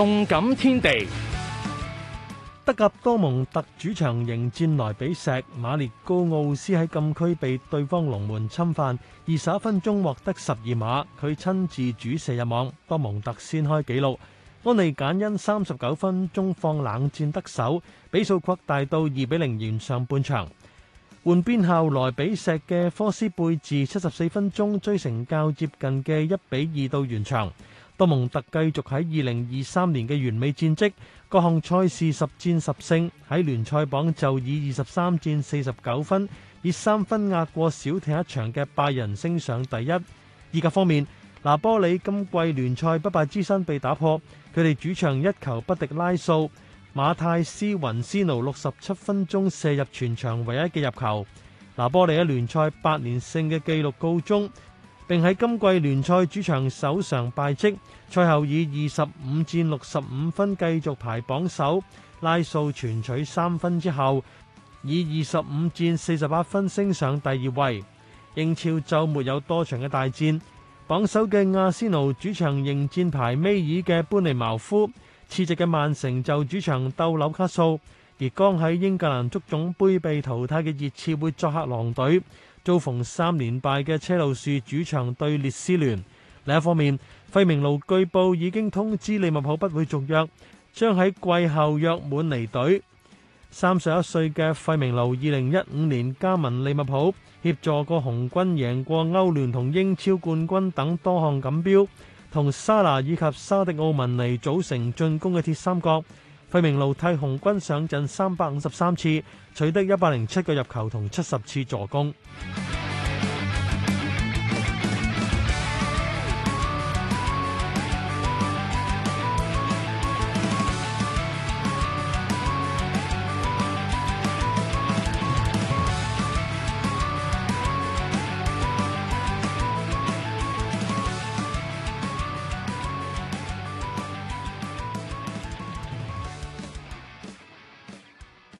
動感天地，德甲多蒙特主場迎戰萊比錫，馬列高奧斯喺禁區被對方龍門侵犯，二十一分鐘獲得十二碼，佢親自主射入網，多蒙特先開紀錄。安利簡恩三十九分鐘放冷箭得手，比數擴大到二比零，完上半場。換邊後，萊比錫嘅科斯貝治七十四分鐘追成較接近嘅一比二，到完場。多蒙特繼續喺二零二三年嘅完美戰績，各項賽事十戰十勝，喺聯賽榜就以二十三戰四十九分，以三分壓過少踢一場嘅拜仁，升上第一。意甲方面，拿玻里今季聯賽不敗之身被打破，佢哋主場一球不敵拉素。馬泰斯雲斯奴六十七分鐘射入全場唯一嘅入球，拿玻里喺聯賽八連勝嘅紀錄告終。並喺今季聯賽主場首嘗敗績，賽後以二十五戰六十五分繼續排榜首，拉素全取三分之後，以二十五戰四十八分升上第二位。英超週末有多場嘅大戰，榜首嘅阿仙奴主場迎戰排尾二嘅班尼茅夫，次席嘅曼城就主場鬥紐卡素，而剛喺英格蘭足總杯被淘汰嘅熱刺會作客狼隊。遭逢三連敗嘅車路士主場對列斯聯。另一方面，費明奴據報已經通知利物浦不會續約，將喺季後約滿離隊。三十一歲嘅費明奴，二零一五年加盟利物浦，協助過紅軍贏過歐聯同英超冠軍等多項錦標，同沙拿以及沙迪奧文尼組成進攻嘅鐵三角。費明路替紅軍上陣三百五十三次，取得一百零七個入球同七十次助攻。